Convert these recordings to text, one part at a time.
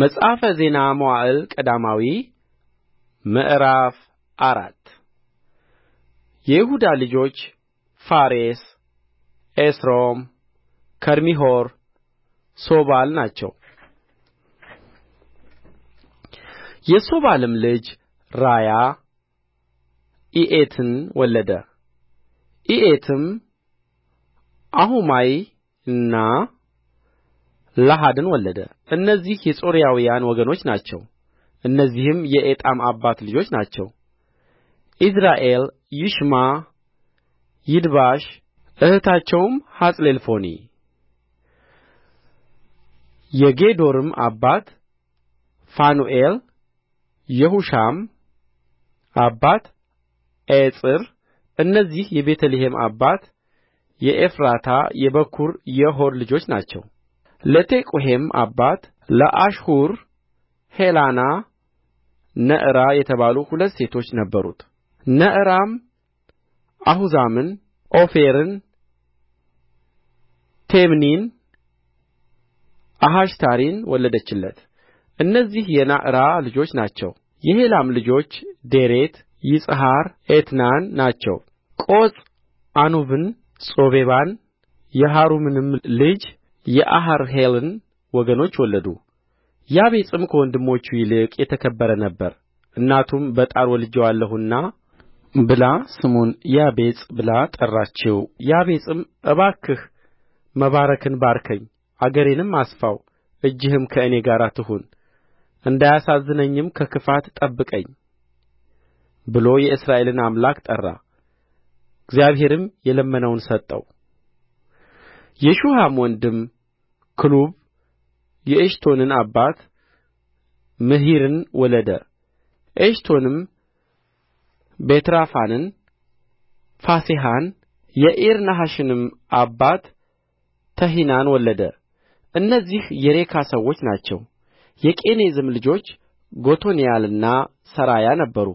መጽሐፈ ዜና መዋዕል ቀዳማዊ ምዕራፍ አራት የይሁዳ ልጆች ፋሬስ ኤስሮም ከርሚ ሆር ሦባል ናቸው የሦባልም ልጅ ራያ ኢኤትን ወለደ ኢኤትም አሑማይንና ላሃድን ወለደ እነዚህ የጾርዓውያን ወገኖች ናቸው እነዚህም የኤጣም አባት ልጆች ናቸው ኢይዝራኤል ይሽማ ይድባሽ እኅታቸውም ሐጽሌልፎኒ የጌዶርም አባት ፋኑኤል የሑሻም አባት ኤጽር እነዚህ የቤተ ልሔም አባት የኤፍራታ የበኵሩ የሆር ልጆች ናቸው ለቴቁሔም አባት ለአሽሑር ሔላና ነዕራ የተባሉ ሁለት ሴቶች ነበሩት ነዕራም አሑዛምን ኦፌርን ቴምኒን አሐሽታሪን ወለደችለት እነዚህ የነዕራ ልጆች ናቸው የሔላም ልጆች ዴሬት ይጽሐር ኤትናን ናቸው ቆጽ ዓኑብን ጾቤባን የሃሩምንም ልጅ የአሐርሔልን ወገኖች ወለዱ ያቤጽም ከወንድሞቹ ይልቅ የተከበረ ነበረ እናቱም በጣር ወልጄዋለሁና ብላ ስሙን ያቤጽ ብላ ጠራችው ያቤጽም እባክህ መባረክን ባርከኝ አገሬንም አስፋው እጅህም ከእኔ ጋር ትሁን እንዳያሳዝነኝም ከክፋት ጠብቀኝ ብሎ የእስራኤልን አምላክ ጠራ እግዚአብሔርም የለመነውን ሰጠው የሹሐም ወንድም ክሉብ የኤሽቶንን አባት ምሒርን ወለደ ኤሽቶንም ቤትራፋንን ፋሴሐን የዒርናሐሽንም አባት ተሒናን ወለደ እነዚህ የሬካ ሰዎች ናቸው የቄኔዝም ልጆች ጎቶንያልና ሠራያ ነበሩ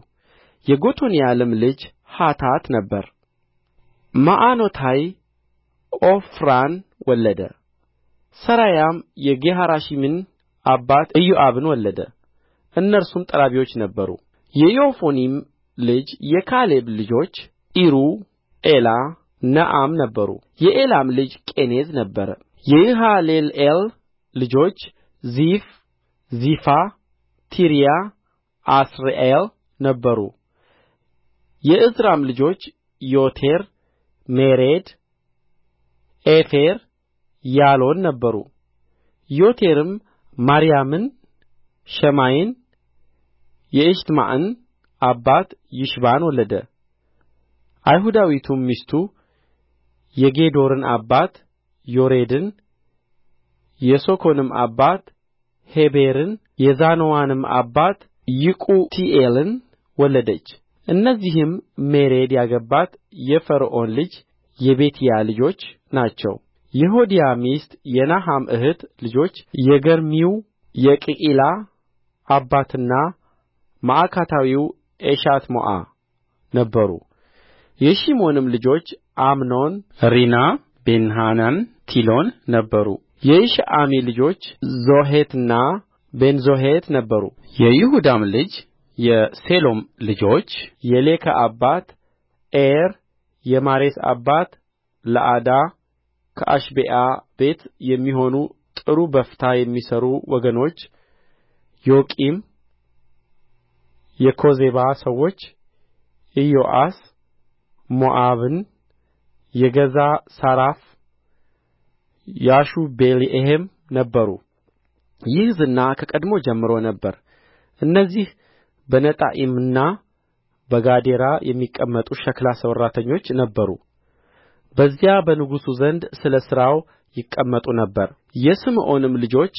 የጎቶንያልም ልጅ ሐታት ነበረ መዖኖታይ ዖፍራን ወለደ ሠራያም የጌሃራሽምን አባት ኢዮአብን ወለደ እነርሱም ጠራቢዎች ነበሩ የዮፎኒም ልጅ የካሌብ ልጆች ኢሩ ኤላ ነዓም ነበሩ የኤላም ልጅ ቄኔዝ ነበረ የይሃሌልኤል ልጆች ዚፍ ዚፋ ቲርያ አስሪኤል ነበሩ የዕዝራም ልጆች ዬቴር ሜሬድ ዔፌር ያሎን ነበሩ ዬቴርም ማርያምን ሸማይን የኤሽትምዓን አባት ይሽባን ወለደ አይሁዳዊቱም ሚስቱ የጌዶርን አባት ዮሬድን የሶኮንም አባት ሔቤርን የዛኖዋንም አባት ይቁቲኤልን ወለደች እነዚህም ሜሬድ ያገባት የፈርዖን ልጅ የቤትያ ልጆች ናቸው የሆዲያ ሚስት የነሐም እኅት ልጆች የገርሚው የቅዒላ አባትና ማዕካታዊው ኤሽትሞዓ ነበሩ የሺሞንም ልጆች አምኖን ሪና ቤንሐናን ቲሎን ነበሩ የይሽዒም ልጆች ዞሔትና ቤንዞሔት ነበሩ የይሁዳም ልጅ የሴሎም ልጆች የሌካ አባት ኤር የማሬስ አባት ለዓዳ ከአሽቤዓ ቤት የሚሆኑ ጥሩ በፍታ የሚሠሩ ወገኖች ዮቂም የኮዜባ ሰዎች ኢዮአስ ሞዓብን የገዛ ሳራፍ ያሹቢሌሔም ነበሩ። ይህ ዝና ከቀድሞ ጀምሮ ነበር። እነዚህ በነጣዒምና በጋዴራ የሚቀመጡ ሸክላ ሠራተኞች ነበሩ በዚያ በንጉሡ ዘንድ ስለ ሥራው ይቀመጡ ነበር የስምዖንም ልጆች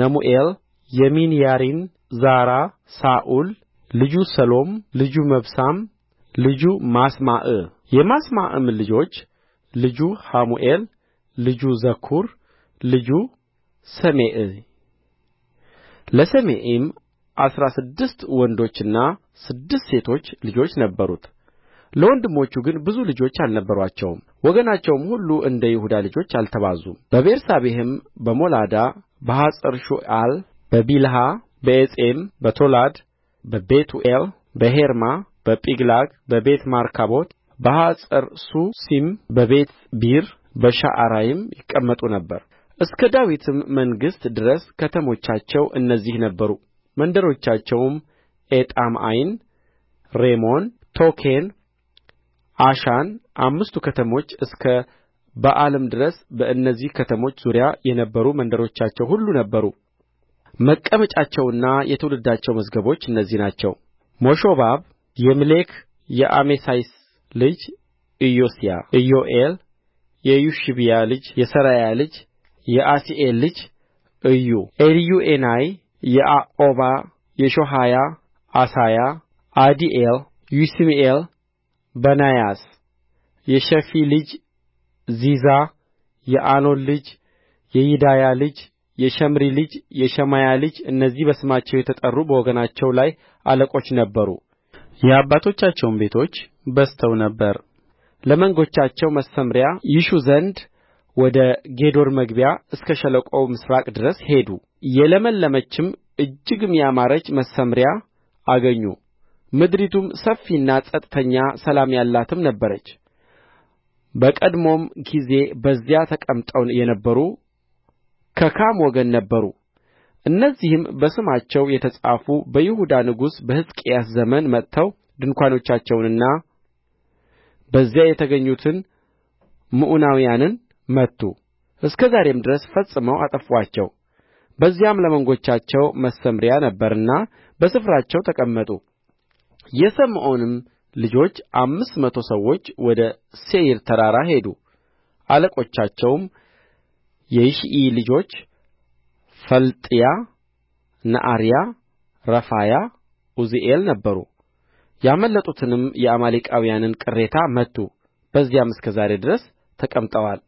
ነሙኤል የሚንያሪን፣ ዛራ ሳኡል ልጁ ሰሎም ልጁ መብሳም ልጁ ማስማዕ የማስማዕም ልጆች ልጁ ሐሙኤል ልጁ ዘኩር ልጁ ሰሜኢ ለሰሜኢም አሥራ ስድስት ወንዶችና ስድስት ሴቶች ልጆች ነበሩት ለወንድሞቹ ግን ብዙ ልጆች አልነበሩአቸውም ወገናቸውም ሁሉ እንደ ይሁዳ ልጆች አልተባዙም በቤርሳቤህም በሞላዳ በሐጸርሹዓል በቢልሃ በዔጼም በቶላድ በቤቱኤል በሔርማ በጺቅላግ በቤት ማርካቦት በሐጸርሱሲም በቤትቢሪ በሸዓራይም ይቀመጡ ነበር እስከ ዳዊትም መንግሥት ድረስ ከተሞቻቸው እነዚህ ነበሩ መንደሮቻቸውም ኤጣም ዓይን ሬሞን ቶኬን ዓሻን አምስቱ ከተሞች እስከ በኣልም ድረስ በእነዚህ ከተሞች ዙሪያ የነበሩ መንደሮቻቸው ሁሉ ነበሩ መቀመጫቸውና የትውልዳቸው መዝገቦች እነዚህ ናቸው ሞሾባብ የምሌክ የአሜሳይስ ልጅ ኢዮስያ ኢዮኤል የዮሺብያ ልጅ የሠራያ ልጅ የዓሢኤል ልጅ ኢዩ ኤልዮዔናይ የአቆባ የሾሐያ ዓሣያ ዓዲዔል ዩሲምኤል በናያስ የሺፊ ልጅ ዚዛ የአኖን ልጅ የይዳያ ልጅ የሸምሪ ልጅ የሸማያ ልጅ እነዚህ በስማቸው የተጠሩ በወገናቸው ላይ አለቆች ነበሩ። የአባቶቻቸውም ቤቶች በዝተው ነበር። ለመንጎቻቸው መሰምርያ ይሹ ዘንድ ወደ ጌዶር መግቢያ እስከ ሸለቆው ምሥራቅ ድረስ ሄዱ የለመለመችም እጅግም ያማረች መሰምርያ አገኙ ምድሪቱም ሰፊና ጸጥተኛ ሰላም ያላትም ነበረች በቀድሞም ጊዜ በዚያ ተቀምጠው የነበሩ ከካም ወገን ነበሩ እነዚህም በስማቸው የተጻፉ በይሁዳ ንጉሥ በሕዝቅያስ ዘመን መጥተው ድንኳኖቻቸውንና በዚያ የተገኙትን ምዑናውያንን መቱ እስከ ዛሬም ድረስ ፈጽመው አጠፉአቸው በዚያም ለመንጎቻቸው መሰምርያ ነበረና በስፍራቸው ተቀመጡ የስምዖንም ልጆች አምስት መቶ ሰዎች ወደ ሴይር ተራራ ሄዱ አለቆቻቸውም የይሽዒ ልጆች ፈልጥያ ነዓርያ ረፋያ ዑዝኤል ነበሩ ያመለጡትንም የአማሌቃውያንን ቅሬታ መቱ በዚያም እስከ ዛሬ ድረስ ተቀምጠዋል